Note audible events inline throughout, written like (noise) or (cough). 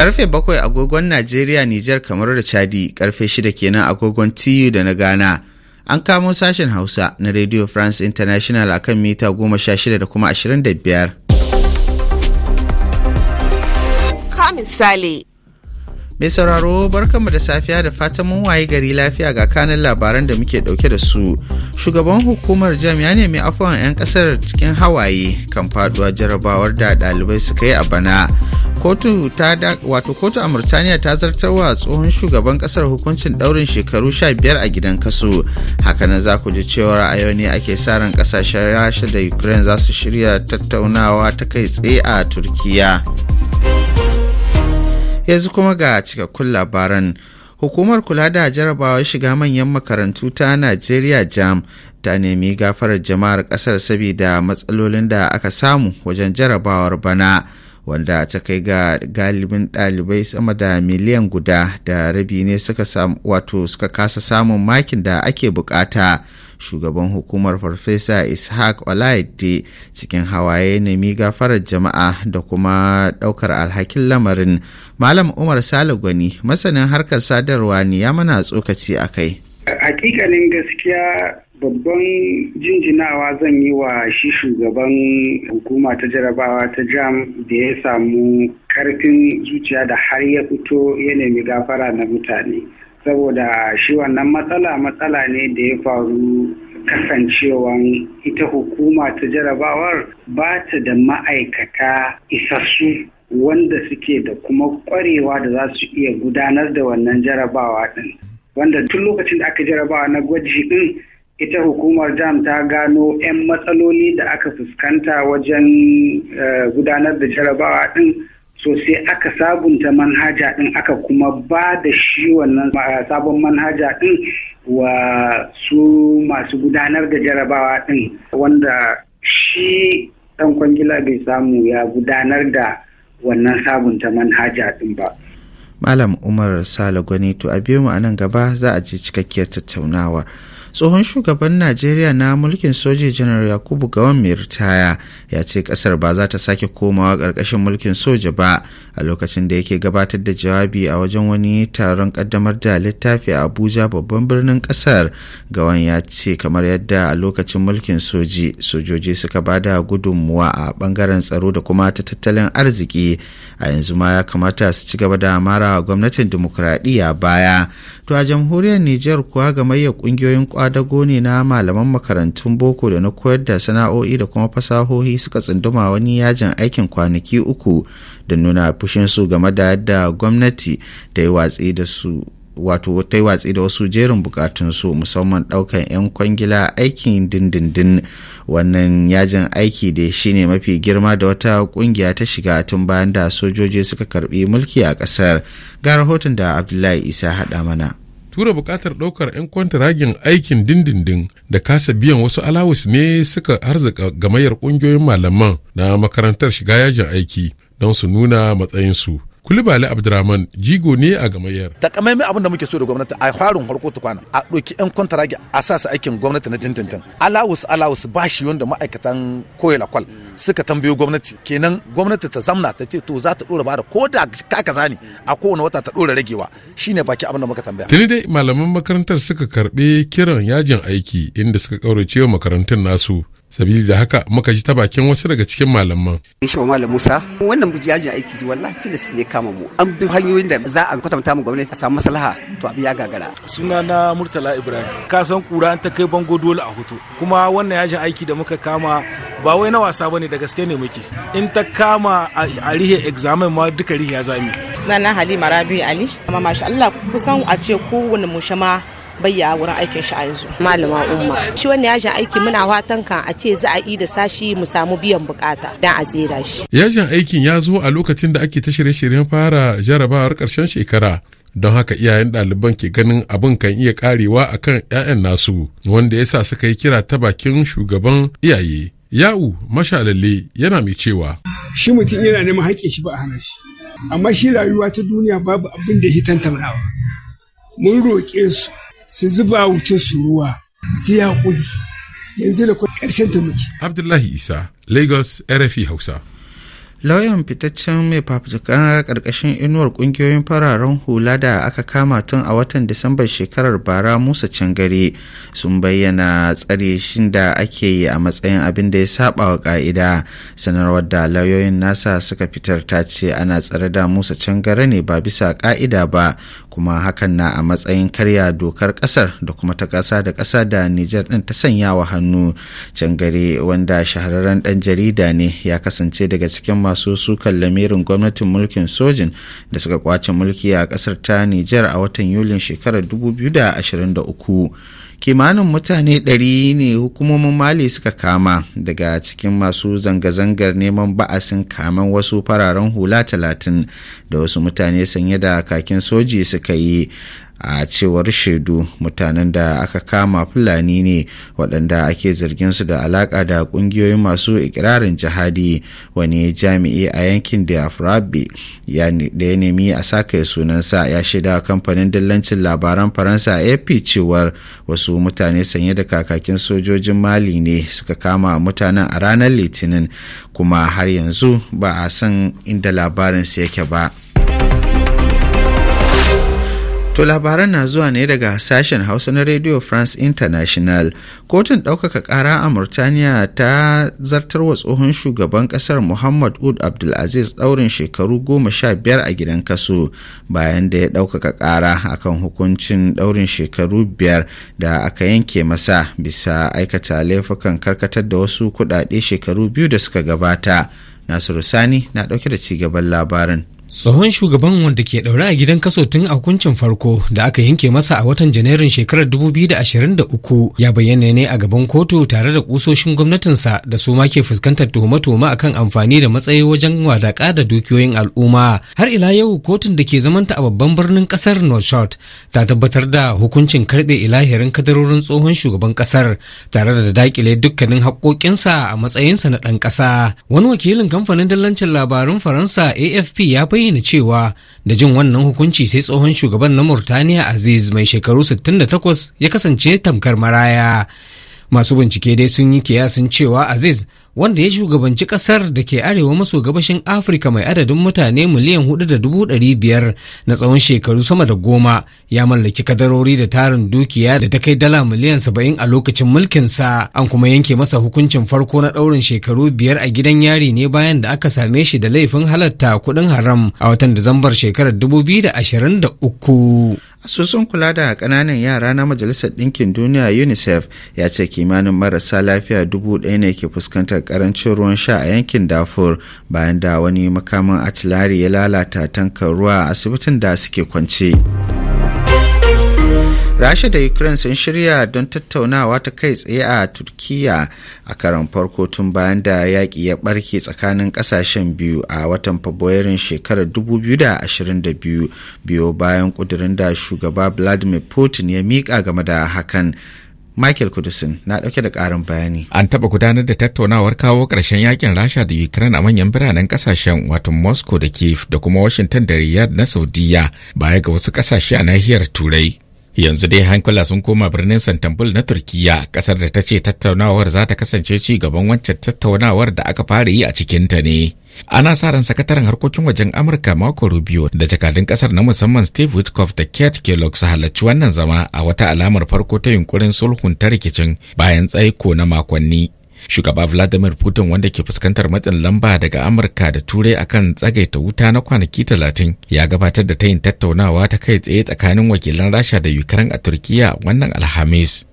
Karfe bakwai agogon Najeriya, Nijar, kamar da Chadi, karfe shida kenan agogon TU da na Ghana. An kamo sashen Hausa na Radio France International akan mita goma sha shida da kuma ashirin da biyar. Ka misali. Mai sauraro barkanmu da safiya da fatan mun waye gari lafiya ga kanin labaran da muke dauke da su. Shugaban hukumar jam ya nemi afuwan 'yan kasar cikin hawaye kan faduwa jarabawar da dalibai suka yi a bana. Kotu wato kotu a Murtaniya ta zartarwa tsohon shugaban kasar hukuncin daurin shekaru 15 a gidan kaso. Hakanan za ku ji cewa a yau ne ake sa ran kasashen Rasha da Ukraine za su shirya tattaunawa ta kai tsaye a Turkiya. yanzu kuma ga cikakkun labaran hukumar kula da jarabawar shiga manyan makarantu ta najeriya jam ta nemi gafarar jama'ar kasar saboda matsalolin da aka samu wajen jarabawar bana wanda ta kai ga galibin dalibai sama da miliyan guda da rabi ne wato suka kasa samun makin da ake bukata. shugaban hukumar farfesa ishaq olaide cikin hawaye miga gafarar jama'a da kuma daukar alhakin lamarin malam umar gwani masanin harkar sadarwa ne ya mana tsokaci a kai hakikanin gaskiya babban jinjinawa zan yi wa shi shugaban hukuma ta jarabawa ta jam da ya samu karfin zuciya da har ya fito ya nemi gafara na mutane saboda shi wannan matsala matsala ne da ya faru kasancewan ita hukuma ta jarabawar ba ta da ma'aikata isassu wanda suke da kuma kwarewa da za su iya gudanar da wannan jarabawa din wanda tun lokacin da aka jarabawa na gwaji din ita hukumar jam ta gano 'yan matsaloli da aka fuskanta wajen eh, gudanar da jarabawa din so sai aka sabunta manhaja ɗin aka kuma ba da shi wannan sabon manhaja ɗin wa su masu gudanar da jarabawa ɗin wanda shi ɗan kwangila bai samu ya gudanar da wannan sabunta manhaja ɗin ba malam umar sale gwani to a biyu mu a nan gaba za a ji cikakkiyar tattaunawar tsohon shugaban najeriya na mulkin soji janar yakubu gawan mai ritaya ya ce kasar ba za ta sake komawa ƙarƙashin mulkin soja ba a lokacin da yake gabatar da jawabi a wajen wani taron ƙaddamar da littafi a abuja babban birnin ƙasar gawan ya ce kamar yadda a lokacin mulkin soji sojoji suka ba da gudunmuwa a bangaren tsaro da kuma ta tattalin arziki a yanzu ma ya kamata su ci gaba da mara gwamnatin dimokuraɗiyya baya to a jamhuriyar nijar kuwa gamayyar ƙungiyoyin ƙwadago ne na malaman makarantun boko da na koyar da sana'o'i da kuma fasahohi suka tsunduma wani yajin aikin kwanaki uku da nuna fushinsu game da yadda gwamnati ta yi watsi da su wato ta yi watsi da wasu jerin bukatunsu musamman daukan 'yan kwangila aikin dindindin wannan yajin aiki da shine mafi girma da wata kungiya ta shiga tun bayan da sojoji suka karbi mulki a kasar ga rahoton da abdullahi isa hada mana tura buƙatar ɗaukar 'yan kwantiragin aikin dindindin da kasa biyan wasu alawus ne suka arzika gamayar ƙungiyoyin malaman na makarantar shiga yajin aiki don su nuna matsayinsu kulibali abdurrahman jigo ne a gamayyar takamaimai abin da muke so da gwamnati a harin harko tukwana a ɗauki 'yan kwantaragi a sa su aikin gwamnati na tintintin alawus alawus ba shi wanda ma'aikatan koyela kwal suka tambayo gwamnati kenan gwamnati ta zamna ta ce to za ta ɗora da ko da ka kaza ne a kowane wata ta ɗora ragewa shine baki abin da muka tambaya tuni dai malaman makarantar suka karɓi kiran yajin aiki inda suka ƙaurace wa makarantun nasu sabili da haka muka ji ta bakin wasu daga cikin malaman. Ishma Malam Musa wannan buji yajin aiki wallahi tilas ne kama mu an bi hanyoyin da za a kwatanta mu gwamnati a samu maslaha to abi ya gagara. Suna na Murtala Ibrahim ka san kura an ta kai bango dole a hoto. kuma wannan yajin aiki da muka kama ba wai na wasa bane da gaske ne muke in ta kama a rihe examen ma duka rihe ya zami. na na Halima Rabi Ali amma masha Allah kusan a ce kowane mushama bayya wurin aikin shi a yanzu malama umma shi wani yajin aiki muna watan kan a ce za a yi da sashi mu samu biyan bukata dan a tsira shi yajin aikin ya zo a lokacin da ake ta shirye-shiryen fara jarabawar karshen shekara don haka iyayen ɗaliban ke ganin abin kan iya karewa akan 'ya'yan nasu wanda ya sa suka yi kira ta bakin shugaban iyaye ya'u mashalalle yana mai cewa shi mutum yana neman haƙƙin shi ba a hana shi amma shi rayuwa ta duniya babu abin da hitan tamnawa mun roƙe su su zuba wuce su ruwa su yaƙuri yanzu da kuma ƙarshen ta muke. Abdullahi Isa, Lagos, RFI Hausa. lauyan fitaccen mai fafutuka karkashin inuwar ƙungiyoyin fararen hula da aka kama tun a watan disambar shekarar bara musa cangare sun bayyana tsare shin da ake yi a matsayin abin da ya saba wa ƙa'ida, sanarwar da lauyoyin nasa suka fitar ta ce ana tsare da musa cangare ne ba bisa ƙa'ida ba kuma hakan na a matsayin karya dokar kasar da kuma ta kasa da kasa da Nijar din ta sanya wa hannu gare wanda shahararren dan jarida ne ya kasance daga cikin masu sukan lamirin gwamnatin mulkin sojin da suka kwace mulki a kasar ta Nijar a watan Yulin shekarar 2023 kimanin mutane 100 ne hukumomin mali suka kama daga cikin masu zanga-zangar neman ba'asin kamen wasu fararen hula 30 da wasu mutane sanye da kakin soji suka yi a cewar shaidu mutanen da aka kama fulani ne waɗanda ake zargin su da alaƙa da ƙungiyoyin masu ikirarin jihadi wani jami'i a yankin diafrabe da ya nemi a saka sunansa ya shaida kamfanin dillancin labaran faransa ap cewar wasu mutane sanye da kakakin sojojin mali ne suka kama mutanen a ranar litinin kuma har yanzu ba a san inda labarinsa yake ba. To labaran na zuwa ne daga sashen Hausa na Radio France International. Kotun ɗaukaka ƙara a Murtaniya ta zartar wa tsohon shugaban ƙasar Muhammad Ud Abdulaziz ɗaurin shekaru goma sha biyar a gidan kasu bayan da ya ɗaukaka ƙara akan hukuncin ɗaurin shekaru biyar da aka yanke masa bisa aikata laifukan karkatar da wasu kuɗaɗe shekaru biyu da suka gabata. Nasiru Sani na ɗauke da cigaban labarin. Tsohon shugaban wanda ke ɗaure a gidan kaso tun a hukuncin farko da aka yanke masa a watan Janairun shekarar 2023 ya bayyana ne a gaban kotu tare da kusoshin gwamnatinsa da su ma ke fuskantar tuhume-tuhume akan amfani da matsayi wajen wadaƙa da dukiyoyin al'umma. Har ila yau kotun da ke zamanta a babban birnin ƙasar Northshot ta tabbatar da hukuncin karɓe ilahirin kadarorin tsohon shugaban ƙasar tare da daƙile dukkanin haƙƙoƙinsa a matsayinsa na ɗan ƙasa. Wani wakilin kamfanin dallancin labarun Faransa AFP ya bayyana cewa da jin wannan hukunci sai tsohon shugaban na murtaniya aziz mai shekaru 68 ya kasance tamkar maraya masu bincike dai sun yi kiyasin cewa aziz wanda ya shugabanci kasar da ke arewa maso gabashin afirka mai adadin mutane miliyan hudu da dubu ɗari biyar na tsawon shekaru sama da goma ya mallaki kadarori da tarin dukiya da ta kai dala miliyan saba'in a lokacin mulkinsa an kuma yanke masa hukuncin farko na ɗaurin shekaru biyar a gidan yari ne bayan da aka same shi da laifin halatta kuɗin haram a watan disambar shekarar dubu biyu da ashirin da uku asusun kula da ƙananan yara na majalisar ɗinkin duniya unicef ya ce kimanin marasa lafiya dubu ɗaya ne ke fuskantar ƙarancin ruwan sha a yankin dafur bayan da wani makamin atilari ya lalata tankar ruwa a asibitin da suke kwance. rasha da ukraine sun shirya don tattaunawa ta kai tsaye a turkiya a karan farko tun bayan da yaƙi ya barke tsakanin ƙasashen biyu a watan fabrairun shekarar 2022 biyo bayan ƙudurin da shugaba vladimir putin ya miƙa game da hakan Michael Kudusin na ɗauke da ƙarin bayani. An taɓa gudanar da tattaunawar kawo ƙarshen yakin Rasha da Ukraine a manyan biranen ƙasashen wato Moscow da Kiev da kuma Washington da Riyadh na Saudiya baya ga wasu ƙasashe a nahiyar Turai. yanzu dai hankula sun koma birnin santambul na turkiya kasar da ta ce tattaunawar za ta kasance ci gaban wancan tattaunawar da aka fara yi a cikinta ne ana sa ran sakataren harkokin wajen amurka marco rubio da jakadun kasar na musamman steve witkoff da kate kellogg su halarci wannan zama a wata alamar farko ta yunkurin sulhun ta rikicin bayan tsaiko na makonni shugaba vladimir putin wanda ke fuskantar matsin lamba daga amurka da turai akan tsagaita wuta na kwanaki talatin ya gabatar da tayin tattaunawa ta kai tsaye tsakanin wakilan rasha da ukraine a turkiya wannan alhamis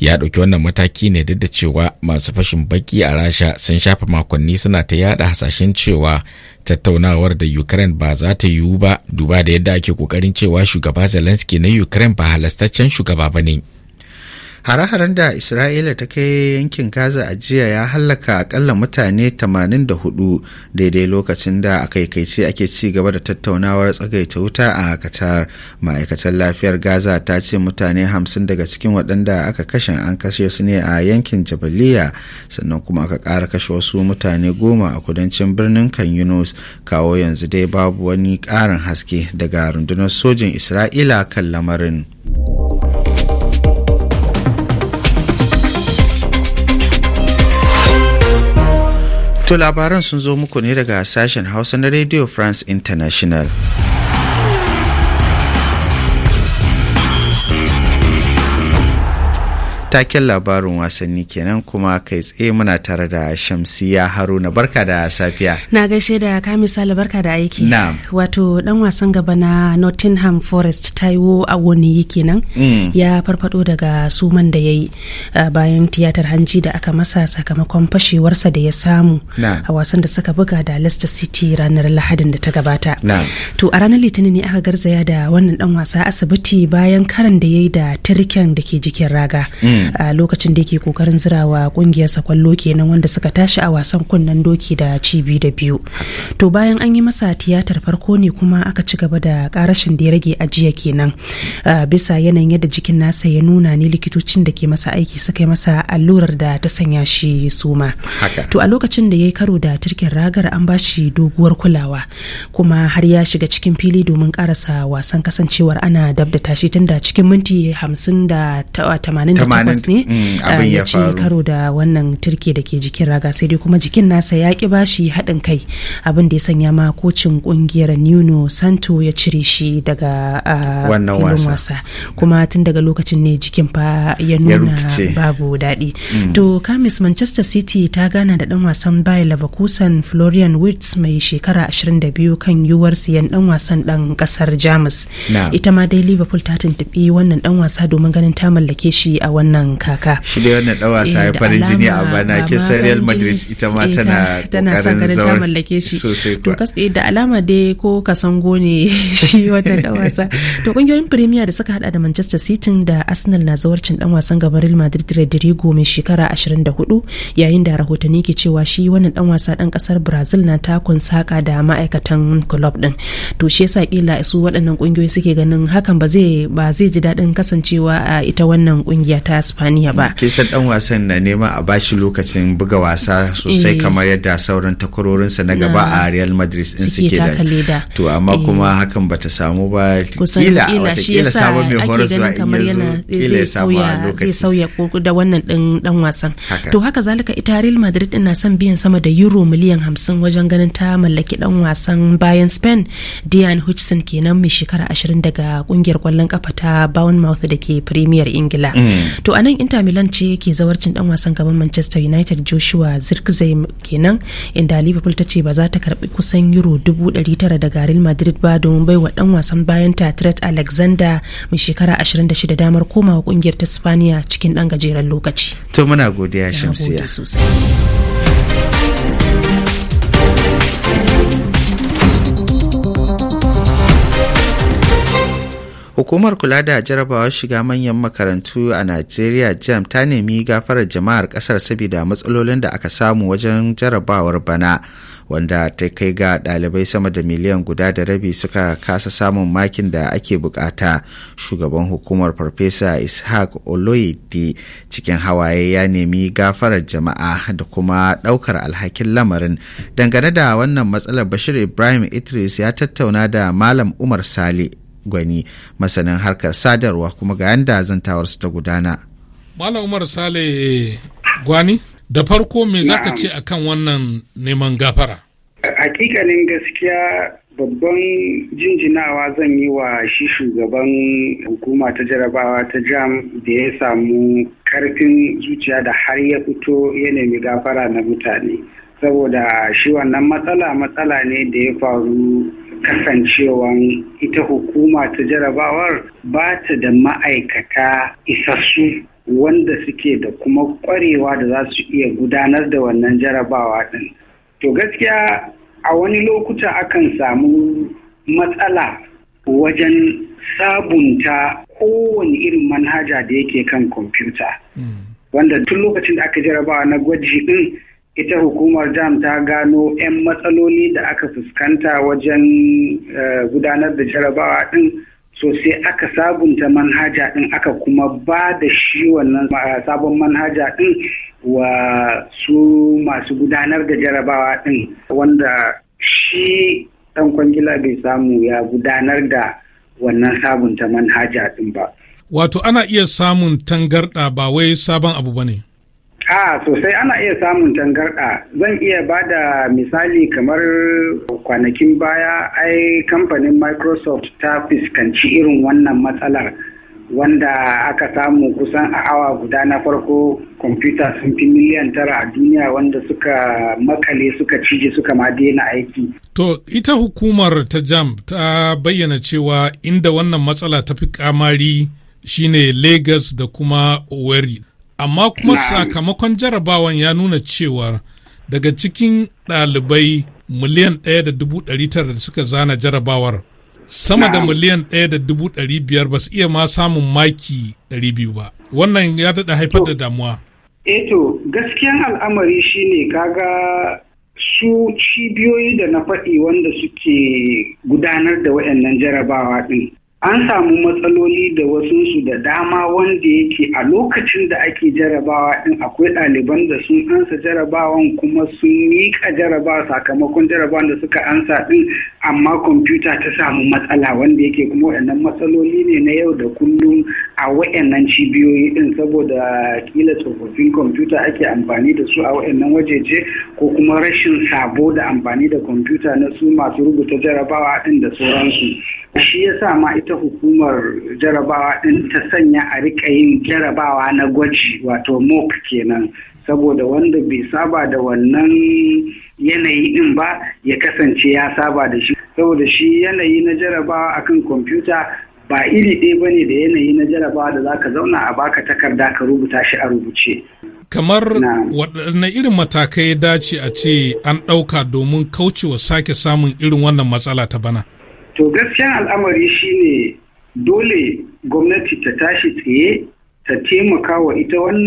ya ɗauki wannan mataki ne duk da cewa masu fashin baki a rasha sun shafa makonni suna ta yada hasashen cewa tattaunawar da ukraine ba za ta yiwu ba duba da yadda ake kokarin cewa shugaba zelensky na ukraine ba halastaccen shugaba ba ne hare-haren da isra'ila ta kai yankin gaza a jiya ya hallaka akalla mutane 84 daidai lokacin da a kaikaice ake ci gaba da tattaunawar tsagaita wuta a qatar ma'aikatar lafiyar gaza ta ce mutane 50 daga cikin waɗanda aka kashe an kashe su ne a yankin jabaliya sannan kuma aka ƙara kashe wasu mutane goma a kudancin birnin kan yunus kawo yanzu dai babu wani ƙarin haske daga rundunar sojin isra'ila kan lamarin. To labaran sun zo muku ne daga sashen Hausa na Radio France International. taken labarin wasanni kenan kuma kai tsaye muna tare da shamsiya haruna barka da safiya na gaishe da ka misali barka da aiki wato dan wasan gaba na nottingham forest taiwo wani kenan mm. ya farfado daga suman da ya yi bayan tiyatar hanji da aka masa sakamakon fashewarsa da ya samu a wasan da suka buga da leicester city ranar lahadin da ta gabata to a ranar litinin ne aka garzaya da wannan dan wasa asibiti bayan karan da ya yi da tirken da ke jikin raga mm. a lokacin da yake kokarin zirawa kungiyarsa kwallo kenan wanda suka tashi a wasan kunnen doki da cibi da biyu to bayan an yi masa tiyatar farko ne kuma aka ci gaba da karashin da ya rage ajiya kenan bisa yanayin yadda jikin nasa ya nuna ne likitocin da ke masa aiki suka yi masa allurar da ta sanya shi suma to a lokacin da ya karo da turkin ragar an ba shi doguwar kulawa kuma har ya shiga cikin fili domin karasa wasan kasancewar ana dabda tashi tun da cikin minti hamsin da tamanin da takwas ne ya ah, ci karo da wannan turke da ke jikin raga sai dai kuma jikin nasa ya ki bashi haɗin kai abin da ya sanya ma kocin kungiyar nuno santo ya cire shi daga ah, filin wasa kuma tun daga lokacin ne jikin fa ya nuna babu daɗi mm. to kamis manchester city ta gana da ɗan wasan bayan leverkusen florian wirtz mai shekara 22 kan yiwuwar siyan ɗan wasan ɗan ƙasar jamus ita ma dai liverpool ta tuntuɓi wannan ɗan wasa domin ganin ta mallake shi a wannan wannan kaka shi eh, da wannan dawa sai farin jini a bana ke Real Madrid ita ma eh, tana kokarin ta mallake shi to katse eh, da alama dai ko kasango ne (laughs) shi wannan dan wasa to kungiyoyin Premier da suka hada da Manchester City da Arsenal na zawarcin dan wasan gaban Real Madrid Rodrigo mai shekara 24 yayin da rahotanni ke cewa shi wannan dan wasa dan kasar Brazil na takun saka da ma'aikatan club din to shi yasa kila su waɗannan kungiyoyi suke ganin hakan ba zai ba zai ji daɗin kasancewa a ita wannan kungiya ta Espaniya ba. Kisan dan wasan na nema a bashi lokacin buga wasa sosai eh. kamar yadda sauran takwarorinsa na gaba a Real Madrid in suke da. To amma eh. kuma hakan bata samu ba kila wata mai ba in kila ya sauya da wannan din dan wasan. To haka zalika ita Real Madrid din na son biyan sama da euro miliyan hamsin wajen ganin ta mallaki dan wasan bayan Spain Dian Hutchinson kenan mai shekara ashirin daga kungiyar kwallon kafa ta Bournemouth da ke Premier Ingila. Mm. To nan inter milan ce ke zawarcin dan wasan gaban manchester united joshua zirkzai kenan inda liverpool ta ce ba za ta karbi kusan euro 900 daga real madrid ba domin baiwa dan wasan bayan ta alexander mai shekara 26 damar komawa kungiyar ta spaniya cikin dan gajeren lokaci to muna godiya shamsiya Hukumar kula da jarabawar shiga manyan makarantu a Najeriya jam ta nemi gafarar jama'ar kasar saboda matsalolin da aka samu wajen jarabawar bana wanda ta kai ga ɗalibai sama da miliyan guda da rabi suka kasa samun makin da ake bukata. Shugaban hukumar Farfesa Ishaq Oloyede cikin hawaye ya nemi gafarar jama'a da kuma ɗaukar alhakin lamarin. Dangane da wannan matsalar Bashir Ibrahim Idris ya tattauna da Malam Umar Sale gwani masanin harkar sadarwa kuma ga yanda zantawar su ta gudana malam umar sale eh, gwani da farko me zaka ce akan wannan neman gafara hakikanin gaskiya babban jinjinawa zan yi wa shi shugaban hukuma ta jarabawa ta jam da ya samu karfin zuciya da har ya fito ya nemi gafara na mutane saboda shi wannan matsala matsala ne da ya faru kasancewan ita hukuma ta jarabawar ba ta da ma'aikata isassu wanda suke da kuma kwarewa da za su iya gudanar da wannan jarabawa din to gaskiya a wani lokuta akan samu matsala wajen sabunta kowane irin manhaja da yake kan kwamfuta hmm. wanda tun lokacin da aka jarabawa na gwaji din ita hukumar jam ta gano 'yan matsaloli da aka fuskanta wajen eh, gudanar da jarabawa ɗin so sai aka sabunta manhaja din aka kuma ba da shi wannan sabon manhaja ɗin wa su masu gudanar da jarabawa ɗin wanda shi ɗan kwangila bai samu ya gudanar da wannan sabunta manhaja ɗin ba wato ana iya samun tangarɗa ba wai sabon abu ba ne A sosai ana iya samun tangarɗa zan iya ba da misali kamar kwanakin baya ai kamfanin Microsoft ta fuskanci irin wannan matsalar wanda aka samu kusan a awa guda na farko kwamfuta sun fi miliyan tara a duniya wanda suka makale suka cije suka ma daina aiki. To ita hukumar ta jam ta bayyana cewa inda wannan matsala ta fi kamari shine Lagos da kuma Owerri. amma kuma sakamakon jarabawan ya nuna cewa daga cikin ɗalibai miliyan ɗaya da dubu ɗari tara da suka zana jarabawar sama da miliyan ɗaya da dubu ɗari biyar ba su iya ma samun maki ɗari biyu ba wannan ya daɗa haifar da damuwa eto eh gaskiyan al'amari shine kaga su cibiyoyi da na faɗi wanda suke gudanar da waɗannan jarabawa ɗin an samu matsaloli da wasu su da dama wanda yake a lokacin da ake jarabawa in akwai ɗaliban da sun ansa jarabawan kuma sun miƙa jaraba sakamakon jarabawan da suka ansa ɗin, amma kwamfuta ta samu matsala wanda yake kuma waɗannan matsaloli ne na yau da kullum a wayannan cibiyoyi din saboda kila tsofaffin kwamfuta ake amfani da su a wayannan wajeje ko kuma rashin sabo da amfani da kwamfuta na su masu rubuta jarabawa din da sauransu shi ya sa ma ita hukumar jarabawa din ta sanya a rika yin jarabawa na gwaji wato mok kenan saboda wanda bai saba da wannan yanayi din ba ya kasance ya saba da shi saboda shi yanayi na jarabawa akan kwamfuta ba iri ɗaya ba ne da yanayi na jarabawa da za ka zauna a baka takarda ka rubuta shi a rubuce. Kamar waɗanne irin matakai dace a ce an ɗauka domin kaucewa sake samun irin wannan matsala ta bana? To gaskiyan al'amari shi ne dole gwamnati ta tashi tsaye ta taimaka wa ita wannan